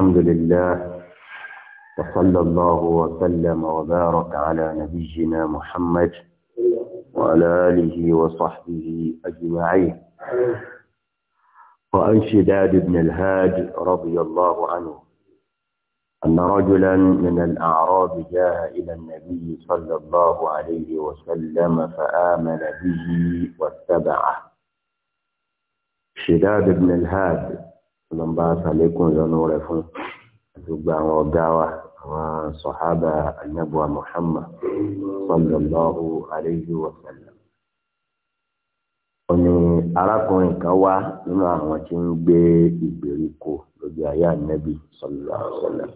الحمد لله وصلى الله وسلم وبارك على نبينا محمد وعلى آله وصحبه أجمعين وعن شداد بن الهاج رضي الله عنه أن رجلا من الأعراب جاء إلى النبي صلى الله عليه وسلم فآمن به واتبعه شداد بن الهاد ọlọ́mbà sàlékún ìyọnu rẹ̀ fún gbogbo àwọn ọ̀gá wa àwọn sọ̀hábà anábùwà Muhammad sallallahu alayhi wa sallam. ọ̀nì arákùnrin kan wá nínú àwọn tí ń gbé ìgbèríko lójú sallallahu wa sallam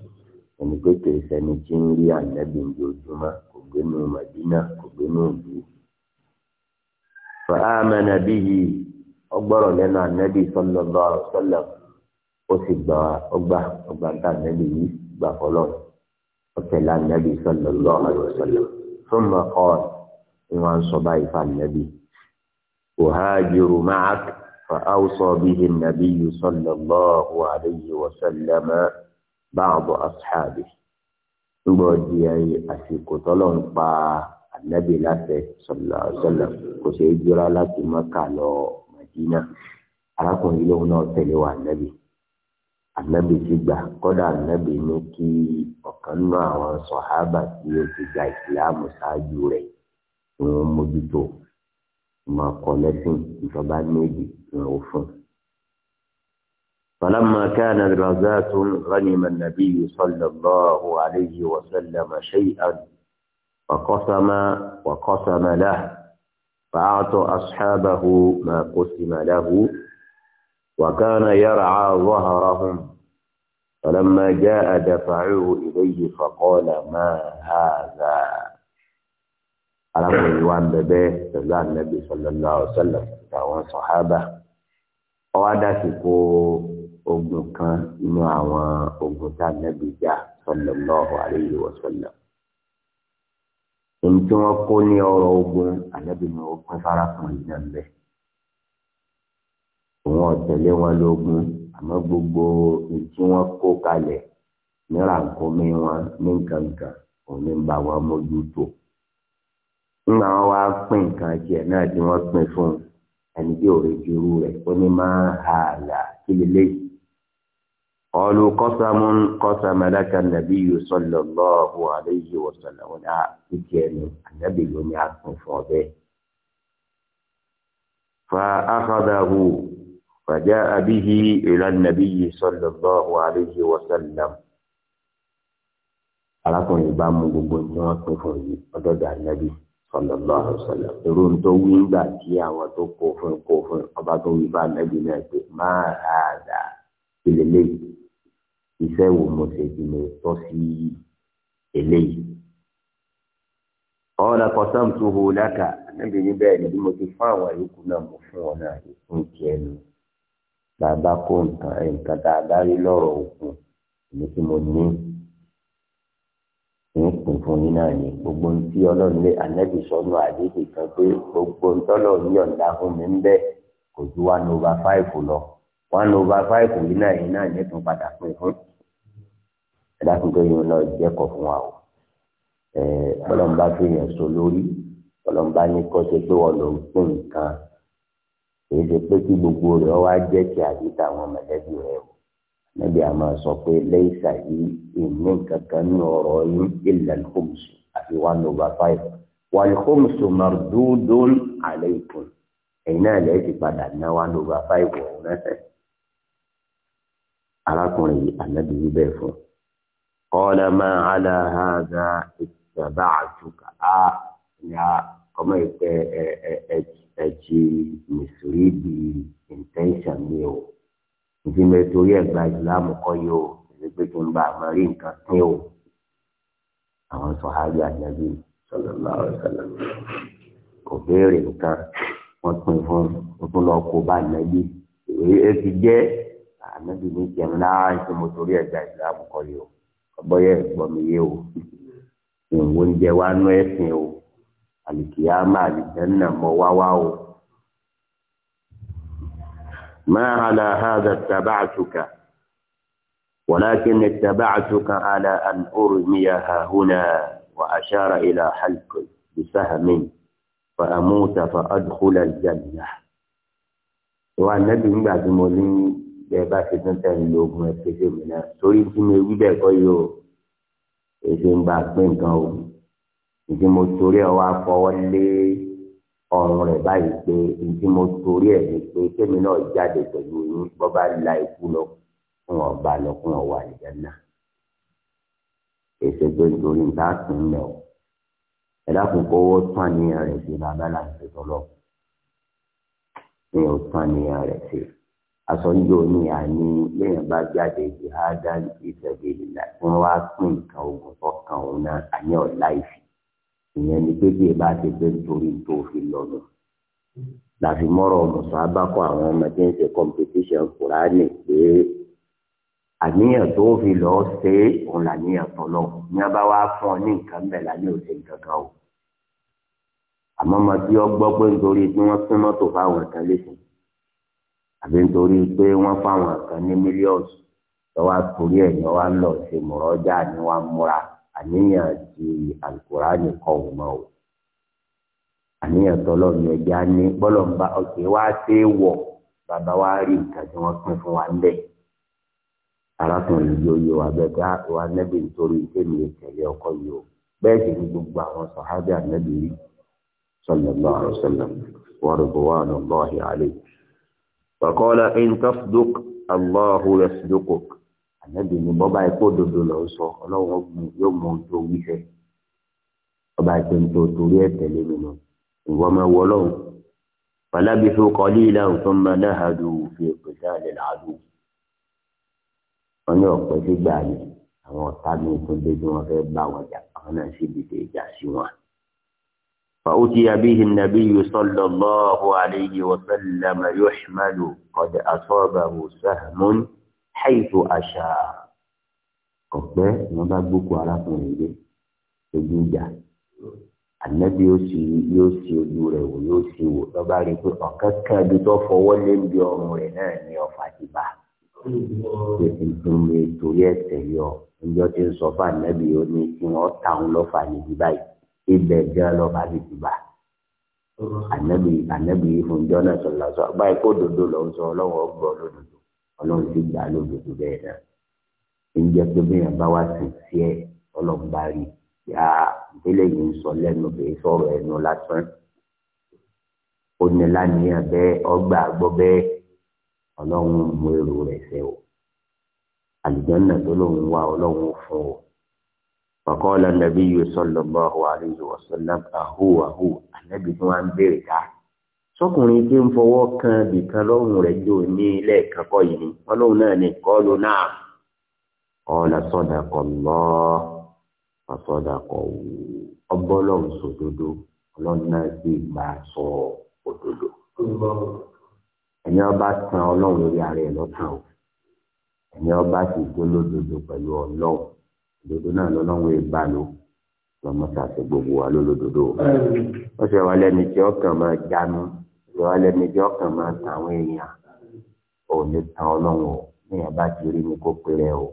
ẹni pé kìí tí ń rí ànábì ní ojúmọ́ kò gbé nù Madina kò gbé nù ìlú. fa amana ọgbọ́rọ̀ lẹ́nu sallallahu ó sì gbà ọgbà ọgbà tá ànábì yìí gbà fọlọ́ ọ̀tẹ̀lá ànábì sallallahu alaihi wasallam thumma qala ni wọ́n sọ báyìí fún ànábì uhajiru ma'ak fa awsa bihi an-nabiyyu sallallahu alaihi wasallam ba'd ashabihi ńgbọ́ di àsìkò tọ́lọ̀ ń pa ànábì láṣẹ sallallahu alaihi wasallam kò ṣeé jura láti Mákà lọ Mádínà arákùnrin lóhun náà tẹ̀lé wa ànábì ànábì ti gbà kódà ànábì ní kí ọ̀kan nínú àwọn sọ̀hábà tí ó ti gba ìsìláàmù ṣáájú rẹ̀ tí wọ́n mójútó máa kọ́ lẹ́sìn ìjọba méjì tí wọ́n fún. فلما كان الغزاة غنم النبي صلى الله عليه وسلم شيئا وقسم وقسم له فأعطى أصحابه ما قسم له وكان يرعى ظهرهم فلما جاء دفعوه إليه فقال ما هذا ألم يوان ببه تلا النبي صلى الله عليه وسلم تاوان صحابة وعدا سيكو ogun kan nínú àwọn ogun tá a nẹbi já sallallahu alayhi wa sallam èyí tí wọn kó ní ọ̀rọ̀ ogun ànábì ni ó pín fara kan yìí náà bẹ́ẹ̀ wọn tẹ̀lé wọn lógun àmọ́ gbogbo ìtí wọn kó kalẹ̀ níra nǹkan mi wọn ní nǹkankan òun ní bá wọn mójútó ńgbà wọn wá pín nǹkan tiẹ̀ náà tí wọ́n pín fún ẹni tí ò retí irú ó ní máa ha àlà kí lélẹ́yìí. قالوا قسم قسم لك النبي صلى الله عليه وسلم لا تكيني النبي يوم يعقف به فأخذه فجاء به إلى النبي صلى الله عليه وسلم arákùnrin bá mú gbogbo tí wọn pín fún yìí ọdọdọ ànábì sallallahu alaihi wasallam irú tó wí ńgbà tí àwọn tó kó fún kó fún ọba tó wí bá ànábì náà pé máa rà àdá ìlélẹyìí iṣẹ́ wo mo ṣe ti mo tọ́ sí eléyìí. ọ̀la qasamtuhu laka ànábì níbẹ̀ ni bí mo ti fún àwọn ìyókù náà mo fún ọ náà ìfún tiẹ̀ nù bàbá kó nǹkan nǹkan tá a bá rí lọ́rọ̀ òkun èmi tí mo ní ń pín fún yín náà ni gbogbo ń tí ọlọ́run lé ànábì sọnù àdéhùn kan pé gbogbo ń tọ́lọ̀ ń yọ̀ǹda fún mi ń bẹ́ kò ju one over five lọ one over five yìí náà yìí náà yẹn tún padà pín fún ẹ̀dá fún tóyún náà jẹ́kọ̀ọ́ fún wa o ọlọ́run bá fi yàn so lórí ọlọ́run bá ní kọ́ ṣe pé wọ́n lòún pín nǹkan èyí ṣe pé kí gbogbo rẹ̀ ọ wá jẹ́ kí àbí táwọn mọ̀lẹ́bí rẹ̀ o níbi a máa sọ pé lẹ́yìn sàyí ìní kankan ní ọ̀rọ̀ yín ilẹ̀ lóhùnsù àti one over five wàlúhùnsù mardúdún àlẹ́kùn ẹ̀yin náà lẹ́yìn ti padà ná one over five ọ̀hún náà arákùnrin yìí ànábì yìí bẹ́ẹ̀ fún kọ́lá máa hàlà hàdà ìtàbà àtúkà á ní ọmọ ìpẹ́ ẹ̀ ẹ̀ ẹ̀ tì ẹ ti mìsírídì intention mi o ìdí mi torí ẹgbà ìsìlámù kọ yìí o èyí pé kí n bá àmọ́ rí nǹkan pín o àwọn sọ̀hábì àjẹbí sallallahu alaihi wasallam kò béèrè nǹkan wọ́n pín fún wọ́n tún lọ kó bá ànábì èyí ẹ ti jẹ́ ànábì ní jẹun láàrín tí mo torí ẹgbà ìsìlámù kọ yìí o ọgbọ́yẹ̀ gbọ́mi yé o ìwọ̀n oúnjẹ wa nú ẹ̀sìn o àlìkìyàmà àlìjẹ́nà mọ́ wáwá o. ما على هذا اتبعتك ولكن اتبعتك على أن أرمي هنا وأشار إلى حلق بسهم فأموت فأدخل الجنة wa nabi ngba tí mo ní bẹ bá ṣe tán tẹ̀ ń lo ogun ẹ̀ pèsè mi náà torí tí mo wí bẹ́ẹ̀ kọ́ yìí o èsì ń gba pé o ìdí mo torí ẹ wá fọwọ́ lé ọrùn rẹ̀ báyìí pé ìdí mo torí ẹ ní pé kémi náà jáde pẹ̀lú yín bọ́ bá la ikú lọ fún ọba lọ fún ọwọ́ àlìjáná èsè tó ń torí nǹkan àtún lẹ o ẹ dákun kó owó tán ní rẹ̀ sí babalá ìṣètọ́lọ́ mi ò tán ní rẹ̀ sí asọ́njọ́ ní lẹ́yìn bá jáde jihada ìṣẹ̀lẹ̀ ìlà tí wọ́n wá pín nǹkan ogun tó òun náà àní ọ̀la ìfì ìyẹn ni pé bí ìbá ti pé nítorí tó fi lọ́nà làfi mọ́rọ̀ mọ̀sán abákọ̀ àwọn ọmọdé ń ṣe competition kùránì pé àníyàn tó fi lọ́ọ́ ṣe é òun làníyàn tọ́lọ̀ ní a bá wá fún ọ ní nǹkan bẹ́ẹ̀ lálẹ́ òṣè nǹkan kan o àmọ́ ọmọ tí ó gbọ́ pé nítorí pé wọ́n pín mọ́tò fáwọn kan lẹ́sìn àbí nítorí pé wọ́n fáwọn kan ní mílíọ̀nù lọ́wọ́ àtúrí ẹ̀ ni wọ́n lọ ṣe mọ̀rọ́jà ni wọ́n múra àníyàn ti alukurani kọ́ wọn mọ́ o àníyàn tọ́lọ́ ní ẹja ní bọ́lọ̀ ń bá ọ̀kẹ́ wá sí wọ̀ bàbá wa rí nǹkan tí wọ́n pín fún wa ń bẹ̀ arákùnrin yìí ó yọ abẹ́gá wa nẹ́bí nítorí tèmi ìtẹ̀lé ọkọ yìí o bẹ́ẹ̀ sì ni gbogbo àwọn sọ̀hábì ànẹ́bí rí sallallahu alaihi wasallam wa ridwanullahi alaihi. wa qala in tasduq Allahu yasduquk ànábì ní bọ́ba ikú òdodo lọ sọ ọlọ́run yóò mú ojú omi fẹ́ ọba ìpè ní torí ẹ̀ tẹ̀lé mi nù ìwọ máa wọ ọlọ́run fàlábì fún kọ́lí ìlànà tó máa náhàdù fi pèsè àlẹ́ làádù wọn ní ọ̀pẹ sí gbà ní àwọn ọ̀tá mi tún dé bí wọ́n fẹ́ bá wọn jà àwọn náà sì dìde ìjà sí wọn. فأتي به النبي صلى الله عليه وسلم يحمل قد أصابه سهم haythu àṣà ọ̀pẹ́ ni wọ́n bá gbókò arákùnrin yìí ojú ìjà ànábi yóò sì yóò sì ojú rẹ̀ wò yóò sì wò lọ́ba rí i pé ọ̀kan kan ibi tó fọwọ́ lé ń bí ọrùn rẹ̀ náà ní ọ̀fà ti bà pé nítorí torí ẹ̀sẹ̀ yọ níjọ́ tí ń sọ fún ànábi yóò ní kí wọ́n ta òun níbi báyìí ibẹ̀ gan lọ́ba ti ti ànábi ànábi yìí fún jọ́nà sọ̀rọ̀ báyìí kó dodo lọ́wọ́ sọ ọlọ́wọ́ gbọ́ lódodo ọlọ́run sì gbà lódodo bẹ́ẹ̀ náà ń jẹ́ pé bí yẹn bá wá sí sí ẹ̀ ọlọ́run bá rí yá ìdílé yìí ń sọ lẹ́nu bẹ́ẹ̀ sọ̀rọ̀ ẹnu lásán ó lánìyàn bẹ́ẹ̀ ọgbà gbọ́ bẹ́ẹ̀ ọlọ́run mú èrò rẹ̀ ṣẹ o àlùjànnà tó lòun wá ọlọ́run fún o faqala nabiyyu sallallahu alayhi wa sallam àhùwàhù ànábì tí wọ́n á ń béèrè ká sọkùnrin tí ń fọwọ́ kan bìkan lọ́rùn rẹ̀ jò ní lẹ́ẹ̀kan kọ́ yìí ni wọ́n lóun náà ní kọ́ọ̀lù náà ọ̀là sọ́dà kọ̀ lọ́ ọ̀sọ́dà kọ̀ wù ọgbọ́lọ́hùn sòdodo ọlọ́run náà sì gbà sọ òdodo. ẹni ọba tan ọlọ́run lórí ara ẹ̀ lọ́tàn o ẹni ọba sì gbólódodo pẹ̀lú ọlọ́run òdodo náà lọ́lọ́run ẹ̀ bá lò lọ́mọ́ta àti gbogbo wa lólódodo. wọ́n ṣe wá lẹ́ni tí ọkàn máa jánu ìrora lẹ́mẹjọ́ kan máa ta àwọn èèyàn ò lè tan ọlọ́run o níyàn bá ti rí ni kó pèrè o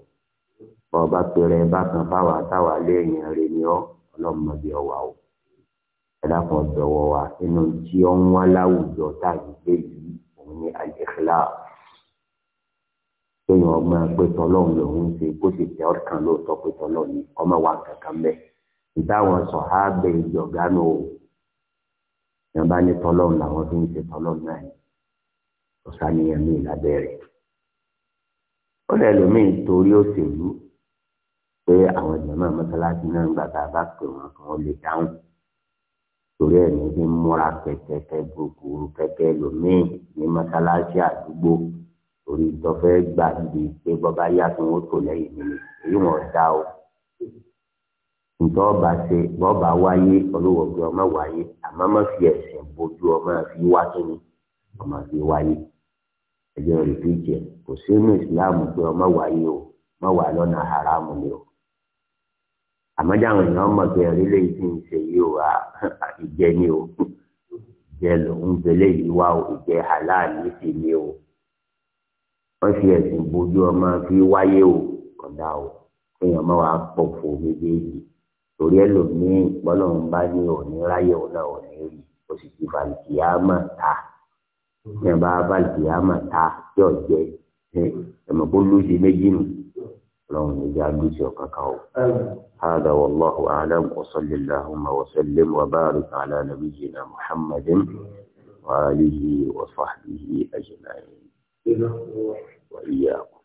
bọ́ọ̀ bá pèrè bákan fáwa táwa léèyàn rè ni ọ́ ọlọ́mọdé ọ̀wà o ẹ̀dàkùn ọ̀dọ̀wọ̀ wa nínú tí ó ń wá láwùjọ táàbí pé yìí òun ni àjẹsílá kéèyàn ọmọ pé tọlọ́run lòun ṣe kó sì tẹ ọ̀kan lóòótọ́ pé tọlọ́run ni ọmọ wa kankan bẹ́ẹ̀ ìtàwọn sọ̀hábẹ́ yẹn bá ní tọ́lọ́run làwọn tó ń ṣe tọ́lọ́run náà ni kò sáníyàn mí lábẹ́ rẹ̀ ó lẹ́ lómi torí òṣèlú pé àwọn ìjọba mọ́sálásí náà ń gbà a bá pè wọ́n kí wọ́n lè dáhùn torí ẹ̀ ní fi múra kẹ̀kẹ́kẹ́ gbogbo kẹ̀kẹ́ lómi ní mọ́sálásí àdúgbò torí ìtọ́fẹ́ gbà bíi pé bọ́bá yá kí wọ́n tò lẹ́yìn mi èyí wọ́n dá o ǹjọ́ ọba ṣe bọ́ọ̀bà wáyé ọlọ́wọ́gbé ọmọ wáyé àmọ́ má fi ẹ̀sìn bójú ọmọ fi wá kíni ọmọ fi wáyé ẹjọ́ rẹ̀ fi jẹ kò sínú ìsìláàmù pé ọmọ wáyé o má wà lọ́nà haramu ni o àmọ́ dáhùn èèyàn mọ̀ pé ẹ̀rí lẹ́yìn tí ń ṣe yìí o ìjẹ ni o ìjẹ lòún gbélé yìí wá o ìjẹ halali sì ni o wọ́n fi ẹ̀sìn bójú ọmọ fi wáyé o kódà o kéèyàn má wàá pọ̀ fún méjèèjì torí ẹlòmíì bọ́lọ́run bá ní òní ráyè òun náà òní rí o sì ti balùkìyàmà ta ní ẹ bá balùkìyàmà ta yọ jẹ ẹmọ kó lóṣì méjì nù lọ́run níjà lóṣì ọ̀kan kan o. هذا والله أعلم وصل اللهم وسلم وبارك على نبينا محمد وآله وصحبه أجمعين وإياكم